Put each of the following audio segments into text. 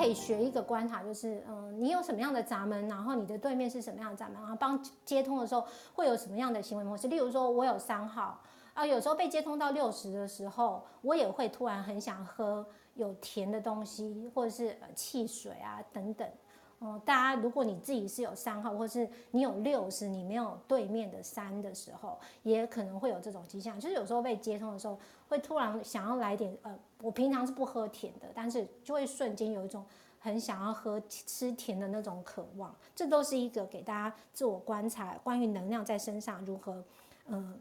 可以學一個觀察，就是嗯，你有什麼樣的閘門，然後你的對面是什麼樣的閘門，然後幫接通的時候會有什麼樣的行為模式。例如說，我有三號啊，有時候被接通到六十的時候，我也會突然很想喝有甜的東西，或者是，呃，汽水啊等等。哦、嗯，大家，如果你自己是有三號，或是你有六十，你沒有對面的三的時候，也可能會有這種跡象。就是有時候被接通的時候，會突然想要來點呃，我平常是不喝甜的，但是就會瞬間有一種很想要喝吃甜的那種渴望。這都是一個給大家自我觀察關於能量在身上如何嗯、呃、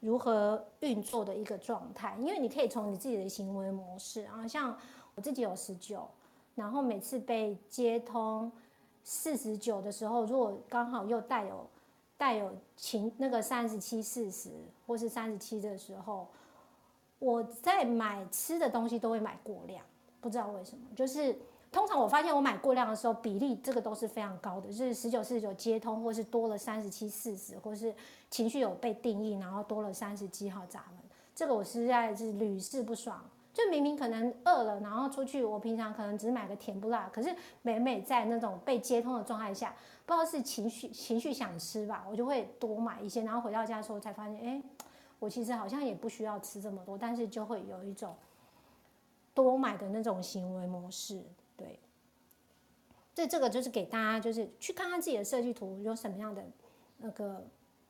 如何運作的一個狀態。因為你可以從你自己的行為模式啊，像我自己有十九，然後每次被接通四十九的時候，如果剛好又帶有帶有情那個三十七四十，或是三十七的時候，我在買吃的東西都會買過量，不知道為什麼，就是通常我發現我買過量的時候，比例這個都是非常高的，就是十九四十九接通，或是多了三十七四十，或是情緒有被定義，然後多了三十七號閘門，這個我實在是屢試不爽。就明明可能餓了，然後出去。我平常可能只買個甜不辣，可是每每在那種被接通的狀態下，不知道是情緒情緒想吃吧，我就會多買一些。然後回到家的時候才發現，哎，我其實好像也不需要吃這麼多，但是就會有一種多買的那種行為模式。對，這這個就是給大家，就是去看看自己的設計圖有什麼樣的那個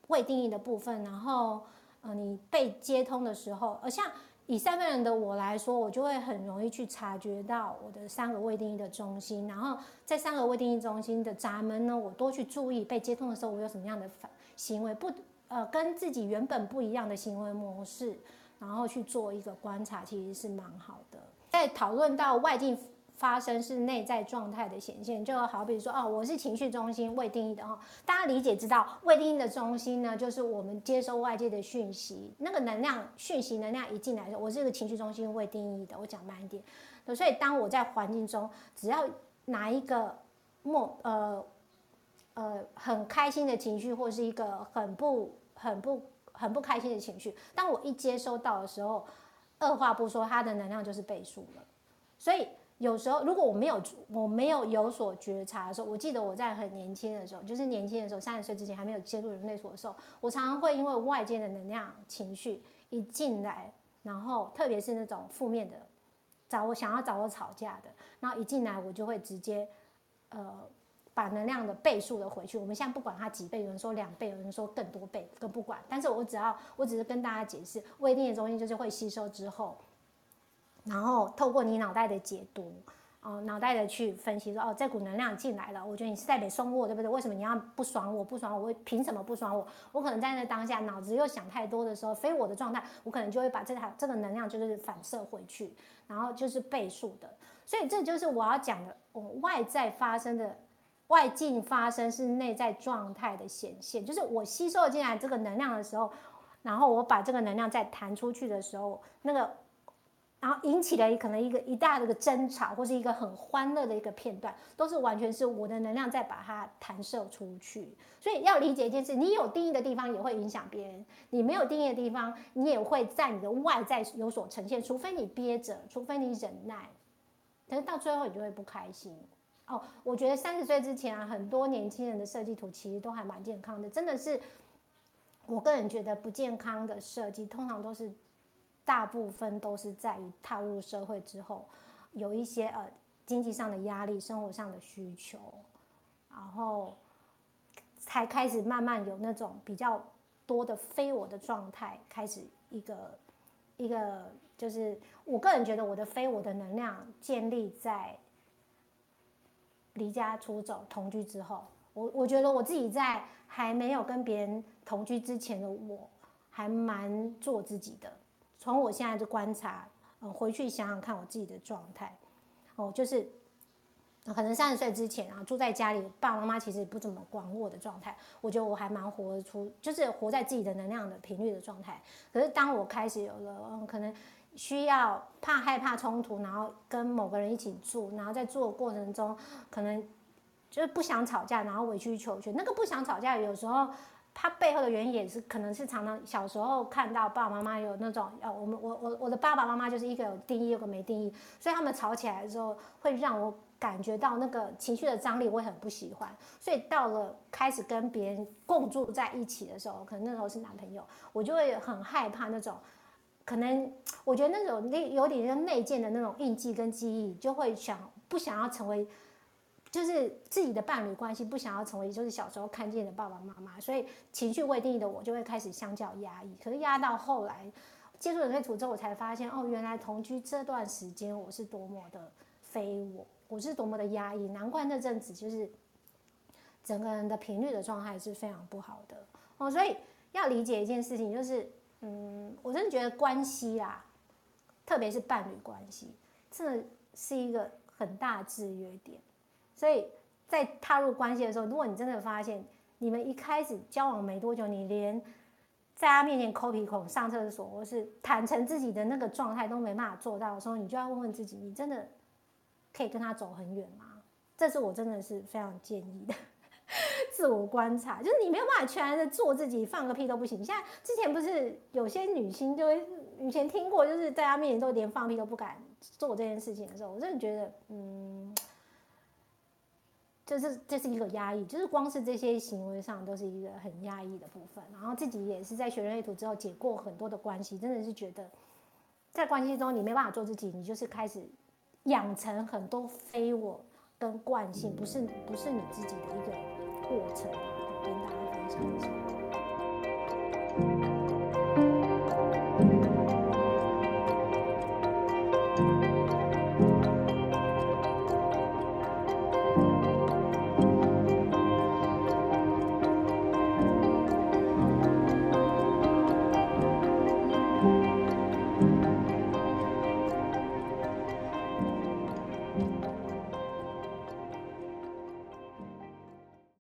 未定義的部分，然後呃，你被接通的時候，而像。以三分人的我來說，我就會很容易去察覺到我的三個未定義的中心，然後在三個未定義中心的閘門呢，我多去注意被接通的時候，我有什麼樣的反行為，不呃，跟自己原本不一樣的行為模式，然後去做一個觀察，其實是蠻好的。在討論到外境，發生是內在狀態的顯現，就好比說哦，我是情緒中心未定義的哦，大家理解知道未定義的中心呢，就是我們接收外界的訊息，那個能量訊息能量一進來的時候，我是一個情緒中心未定義的，我講慢一點，所以當我在環境中，只要拿一個莫呃呃很開心的情緒，或是一個很不很不很不開心的情緒，當我一接收到的時候，二話不說，它的能量就是倍數了，所以。有時候，如果我沒有我沒有有所覺察的時候，我記得我在很年輕的時候，就是年輕的時候，三十歲之前還沒有接觸人類圖的時候，我常常會因為外界的能量、情緒一進來，然後特別是那種負面的，找我想要找我吵架的，然後一進來我就會直接，呃，把能量的倍數的回去。我們現在不管它幾倍，有人說兩倍，有人說更多倍，都不管。但是我只要，我只是跟大家解釋，未定的中心就是會吸收之後。然後透過你腦袋的解讀，哦，腦袋的去分析說，哦，這股能量進來了，我覺得你是在貶損我，對不對？為什麼你要不爽我？不爽我，我會憑什麼不爽我？我可能在那當下腦子又想太多的時候，非我的狀態，我可能就會把這條這個能量就是反射回去，然後就是倍數的。所以這就是我要講的，哦，外在發生的外境發生是內在狀態的顯現，就是我吸收進來這個能量的時候，然後我把這個能量再彈出去的時候，那個。然後引起了可能一個一大的個爭吵，或是一個很歡樂的一個片段，都是完全是我的能量在把它彈射出去。所以要理解一件事：你有定義的地方也會影響別人，你沒有定義的地方，你也會在你的外在有所呈現。除非你憋着，除非你忍耐，可是到最後你就會不開心。哦，我覺得三十歲之前啊，很多年輕人的設計圖其實都還蠻健康的。真的是，我個人覺得不健康的設計，通常都是。大部分都是在於踏入社會之後，有一些呃經濟上的壓力、生活上的需求，然後才開始慢慢有那種比較多的非我的狀態。開始一個一個，就是我個人覺得我的非我的能量建立在離家出走、同居之後。我我覺得我自己在還沒有跟別人同居之前的我，我還蠻做自己的。從我現在的觀察，嗯，回去想想看我自己的狀態，哦，就是、嗯、可能三十歲之前啊，然後住在家裡，爸爸媽媽其實不怎麼管我的狀態，我覺得我還蠻活得出，就是活在自己的能量的頻率的狀態。可是當我開始有了，嗯、可能需要怕害怕衝突，然後跟某個人一起住，然後在做的過程中，可能就是不想吵架，然後委曲求全。那個不想吵架，有時候。他背後的原因也是，可能是常常小時候看到爸爸媽媽有那種，呃，我們我我我的爸爸媽媽就是一個有定義，一個沒定義，所以他們吵起來的時候，會讓我感覺到那個情緒的張力，我很不喜歡。所以到了開始跟別人共住在一起的時候，可能那時候是男朋友，我就會很害怕那種，可能我覺得那種有點像內建的那種印記跟記憶，就會想不想要成為。就是自己的伴侶關係不想要成為，就是小時候看見的爸爸媽媽，所以情緒未定義的我就會開始相較壓抑。可是壓到後來接觸了人類圖之後，我才發現哦，原來同居這段時間我是多麼的非我，我是多麼的壓抑，難怪那陣子就是整個人的頻率的狀態是非常不好的哦。所以要理解一件事情，就是嗯，我真的覺得關係啊，特別是伴侶關係，這是一個很大制約點。所以在踏入關係的時候，如果你真的發現你們一開始交往沒多久，你連在他面前摳鼻孔、上廁所，或是坦誠自己的那個狀態都沒辦法做到的時候，你就要問問自己，你真的可以跟他走很遠嗎？這是我真的是非常建議的自我觀察，就是你沒有辦法全然的做自己，放個屁都不行。你像之前不是有些女星就會以前聽過，就是在他面前都連放屁都不敢做這件事情的時候，我真的覺得，嗯。這是這是一個壓抑，就是光是這些行為上都是一個很壓抑的部分。然後自己也是在學人類圖之後解過很多的關係，真的是覺得在關係中你沒辦法做自己，你就是開始養成很多非我跟慣性，不是不是你自己的一個過程。我跟大家分享一下。